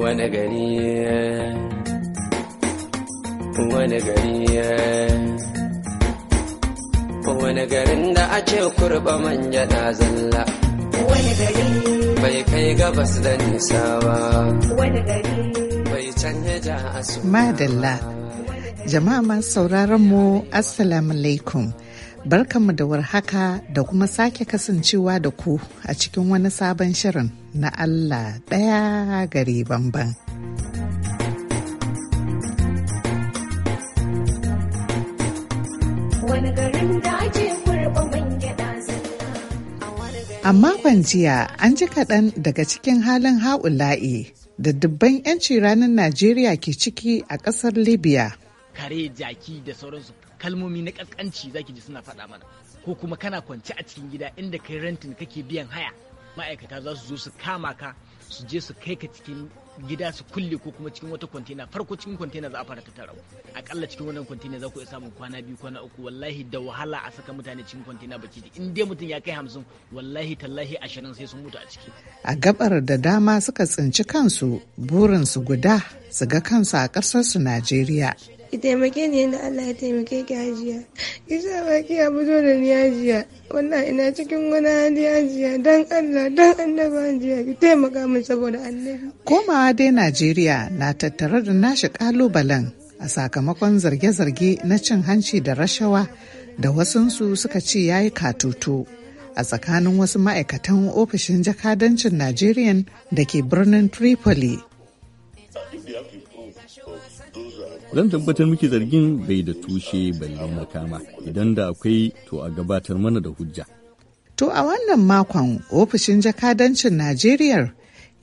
wani gari wani gari wani garin da a ce kurba manja na zalla wani gari bai kai gabas da nisa ba wani gari bai canja ja a madalla jama'a masu sauraron mu assalamu alaikum Barkanmu da warhaka da kuma sake kasancewa da ku a cikin wani sabon shirin na Allah ɗaya gari bamban. A makon jiya an ji kaɗan daga cikin halin ha'ula'i da dubban 'yanci ranar Najeriya ke ciki a ƙasar Libya. kare jaki da sauransu kalmomi na kaskanci zaki ji suna faɗa mana ko kuma kana kwance a cikin gida inda kai rentin kake biyan haya ma'aikata za su zo su kama ka su je su kai ka cikin gida su kulle ko kuma cikin wata kwantena farko cikin kwantena za a fara ta tattara akalla cikin wannan kwantena za ku iya samun kwana biyu kwana uku wallahi da wahala a saka mutane cikin kwantena baki da in dai mutum ya kai hamsin wallahi tallahi ashirin sai sun mutu a ciki a gabar da dama suka tsinci kansu burinsu guda su ga kansu a ƙasarsu najeriya ki taimake ni yadda Allah ya taimake ki hajiya ki sa baki ya fito da ni hajiya wallahi ina cikin wani hali hajiya Don Allah don annaba hajiya ki taimaka min saboda annabi komawa dai Najeriya na tattare da nashi kalubalen a sakamakon zarge-zarge na cin hanci da rashawa da wasunsu suka ce ya yi katutu a tsakanin wasu ma'aikatan ofishin jakadancin Najeriya da ke birnin Tripoli zan tabbatar miki zargin bai da tushe bai makama idan da akwai to a gabatar mana da hujja. To a wannan makon ofishin jakadancin Najeriya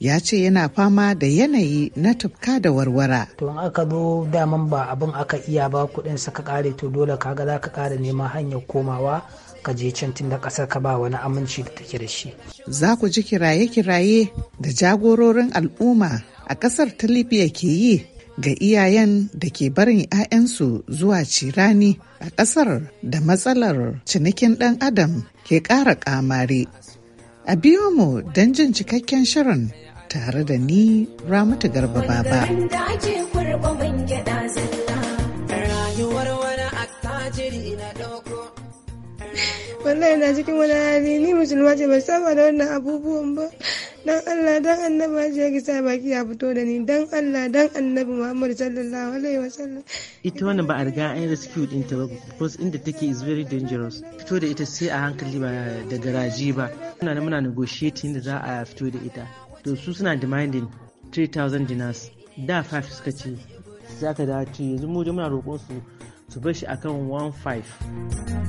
ya ce yana fama da yanayi na tufka da warwara. To in aka zo daman ba abin aka iya ba kuɗin saka kare to dole kaga za ka ƙara neman hanyar komawa ka je can tun da ƙasar ka ba wani aminci da take da shi. Za ku ji kiraye-kiraye da jagororin al'umma a ƙasar ta Libya ke yi ga iyayen da ke barin 'ya'yansu zuwa cirani a ƙasar da matsalar cinikin ɗan adam ke ƙara ƙamare. A biyo mu don jin cikakken shirin tare da ni Ramatu Garba Baba. Wallahi na cikin wani hali ni musulma ce bai saba da wannan abubuwan ba. dan Allah dan annabi ya ki sa baki ya fito da ni dan Allah dan annabi Muhammad sallallahu alaihi wasallam ita wannan ba a riga an rescue din ta ba because inda take is very dangerous fito da ita sai a hankali ba da garaji ba muna muna negotiating da za a fito da ita to su suna demanding 3000 dinars da 5 suka ce za ka dace yanzu mu muna roƙon su su bar shi akan 15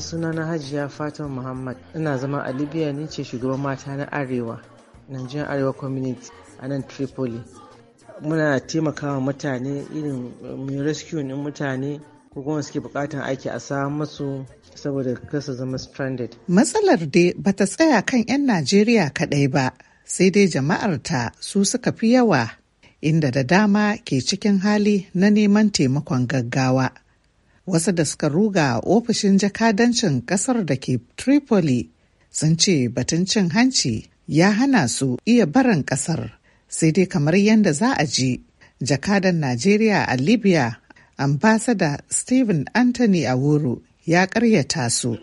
sunana hajiya fatan muhammad ina zama a libya ni ce shugaban mata na arewa nigerian arewa community a nan tripoli muna taimakawa mutane irin mai rescue ɗin mutane ko kuma suke bukatan aiki a samu masu saboda kasa zama stranded. Matsalar dai bata tsaya kan 'yan Najeriya kaɗai ba, sai dai jama'ar ta su suka fi yawa, inda da dama ke cikin hali na neman taimakon gaggawa. wasu da suka ruga ofishin jakadancin kasar da ke tripoli sun ce batun cin hanci ya hana su iya barin kasar sai dai kamar yadda za a ji jakadan najeriya a libya ambasada stephen anthony awuru ya karyata su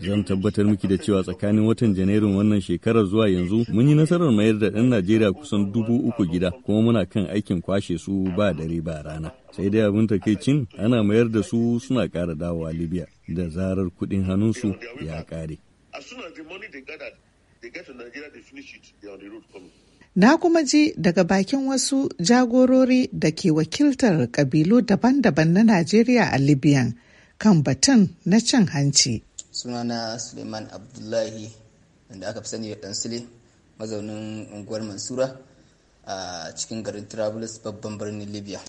Zan tabbatar miki da cewa tsakanin watan Janairun wannan shekarar zuwa yanzu mun yi nasarar mayar da ɗan Najeriya kusan dubu uku gida kuma muna kan aikin kwashe su ba dare ba rana. Sai dai abin takaicin ana mayar da su suna ƙara dawowa Libya da zarar kuɗin hannunsu ya ƙare. Na kuma ji daga bakin wasu jagorori da ke wakiltar kabilu daban-daban na Najeriya a Libyan kan batun na cin hanci. sunana suleiman abdullahi wanda aka fi sani da dan sule mazaunin unguwar mansura a cikin garin travelers babban birnin libya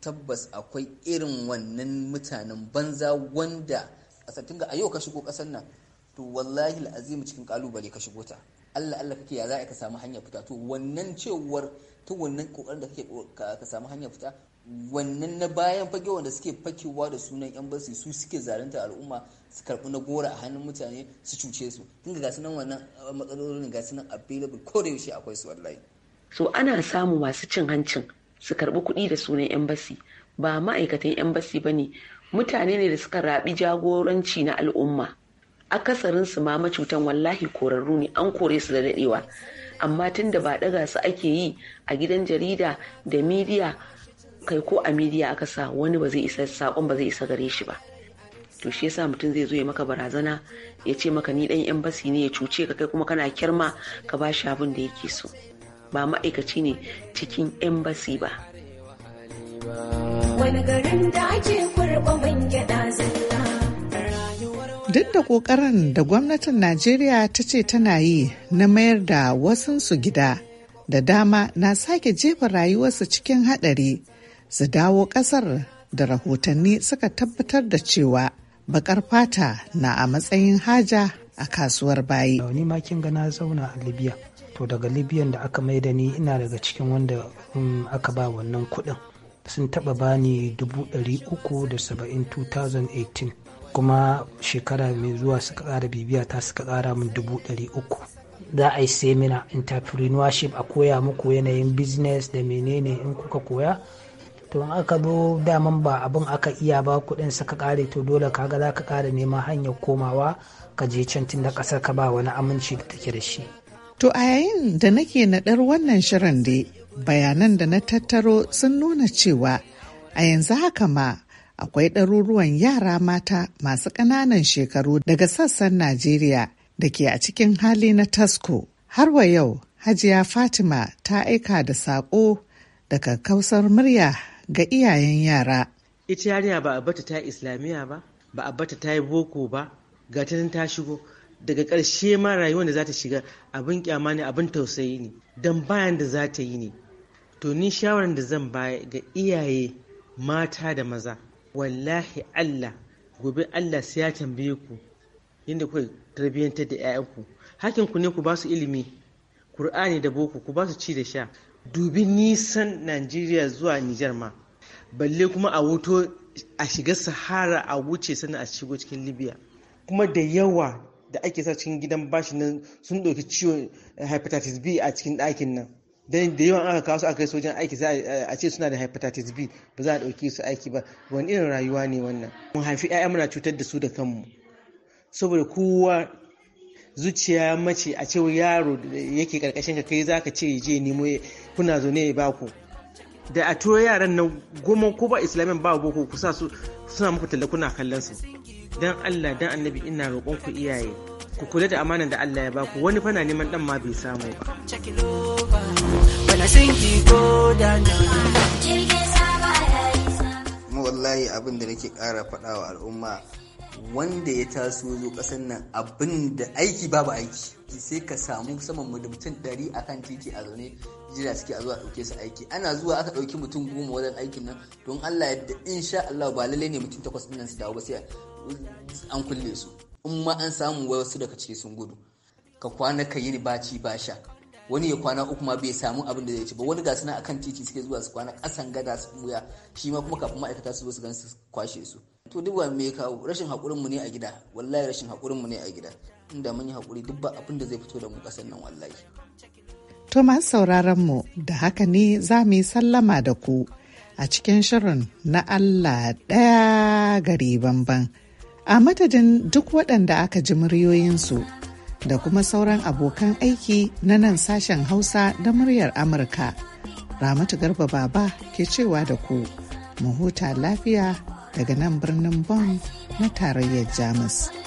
tabbas akwai irin wannan mutanen banza wanda ƙasar tunga a yau ka shigo ƙasar nan to wallahi azimu cikin kalubale ka shigo ta allah allah kake ya za ka samu hanyar fita to wannan cewar ta wannan kokarin da kake ka samu hanyar fita wannan na bayan fage wanda suke fakewa da sunan yan basi su suke zalunta al'umma su karɓi na gora a hannun mutane su cuce su tun ga sunan wannan uh, matsalolin ga sunan available ko da yaushe akwai su wallahi so ana samu masu cin hancin su karɓi kuɗi da sunan yan basi ba ma'aikatan yan basi ba ne mutane ne da suka raɓi jagoranci na al'umma akasarin su ma macutan wallahi korarru ne an kore su da daɗewa amma tun da ba ɗaga su ake yi a gidan jarida da midiya kai ko a midiya aka sa wani ba zai isa sakon ba zai isa gare shi ba to shi yasa mutum zai zo ya maka barazana ya ce maka ni dan yan basi ne ya cuce ka kai kuma kana kirma ka ba shi abin da yake so ba ma'aikaci ne cikin yan basi ba wani garin da ake gyada zalla duk da kokarin da gwamnatin najeriya ta ce tana yi na mayar da su gida da dama na sake jefa rayuwarsu cikin haɗari su dawo kasar da rahotanni suka tabbatar da cewa bakar fata na a matsayin haja a kasuwar bayi. da ma kin zauna a Libya. To daga Libyan da aka maida ni ina daga cikin wanda um, aka ba wannan kuɗin. Sun taɓa bani dubu ɗari uku da 2018 kuma shekara mai zuwa suka ƙara bibiya ta suka kara min dubu Za a yi semina entrepreneurship a koya muku yanayin business da menene in kuka koya to in aka zo daman ba abin aka iya ba kuɗin suka ƙare to dole kaga za ka ƙara neman hanyar komawa ka je can tun da ƙasar ka ba wani aminci da take da shi. To a yayin da nake naɗar wannan shirin dai bayanan da na tattaro sun nuna cewa a yanzu haka ma akwai ɗaruruwan yara mata masu ƙananan shekaru daga sassan Najeriya da ke a cikin hali na tasko. Har wa yau Hajiya Fatima ta aika da saƙo daga kausar murya ga iyayen yara. Ita yarinya ba a bata ta yi islamiyya ba, ba a bata ta yi boko ba, ga ta ta shigo. Daga ƙarshe ma rayuwar da za ta shiga abin kyama ne abin tausayi ne, don bayan da za ta yi ne. To ni shawarar da zan baya ga iyaye mata da maza, wallahi Allah, gobe Allah sai ya tambaye ku yadda kuka tarbiyyantar da 'ya'yanku. Hakinku ne ku ba su ilimi, Kur'ani da boko ku ba su ci da sha, dubi nisan najeriya zuwa nijar ma balle kuma a wuto a shiga sahara a wuce sannan a shigo cikin libya kuma da yawa da ake sa cikin gidan bashi nan sun ɗauki ciwon eh, hepatitis b a cikin ɗakin nan dan da yawan aka kawo su aka kai sojan aiki eh, a ce suna da hepatitis b ba za a ɗauki su aiki ba wani irin rayuwa ne wannan mun haifi 'ya'ya muna cutar da su da kanmu saboda kowa zuciya mace a cewa yaro da yake karkashin ka kai zaka ce je nemo kuna zo ne ya baku da a turo yaran nan goma ko ba islamin ba boko kusa su suna muku talla kuna kallon su dan Allah dan annabi ina roƙon ku iyaye ku kula da amanan da Allah ya baku wani fana neman dan ma bai samu ba mu wallahi abin da nake ƙara faɗa wa al'umma wanda ya taso zo kasan nan abin da aiki babu aiki sai ka samu saman mutum ɗari a kan titi a zaune jira suke a zuwa ɗauke su aiki ana zuwa aka ɗauki mutum goma wajen aikin nan don allah yadda insha allah ba lallai ne mutum takwas ɗin nan su dawo ba sai an kulle su in ma an samu wasu daga ciki sun gudu ka kwana ka yi baci ba sha wani ya kwana uku ma bai samu abin da zai ci ba wani ga suna akan titi suke zuwa su kwana kasan gada su buya shi ma kuma kafin ma'aikata su zo su gan su kwashe su to duk wa me kawo rashin hakurin mu ne a gida wallahi rashin hakurin mu ne a gida inda mun yi haƙuri duk ba abin da zai fito da mu kasan nan wallahi to masu sauraron mu da haka ne za mu yi sallama da ku a cikin shirin na Allah ɗaya gari banban, a madadin duk waɗanda aka ji muryoyinsu da kuma sauran abokan aiki na nan sashen hausa da muryar amurka ramatu garba baba ke cewa da ku mu huta lafiya daga nan birnin Bonn na tarayyar Jamus.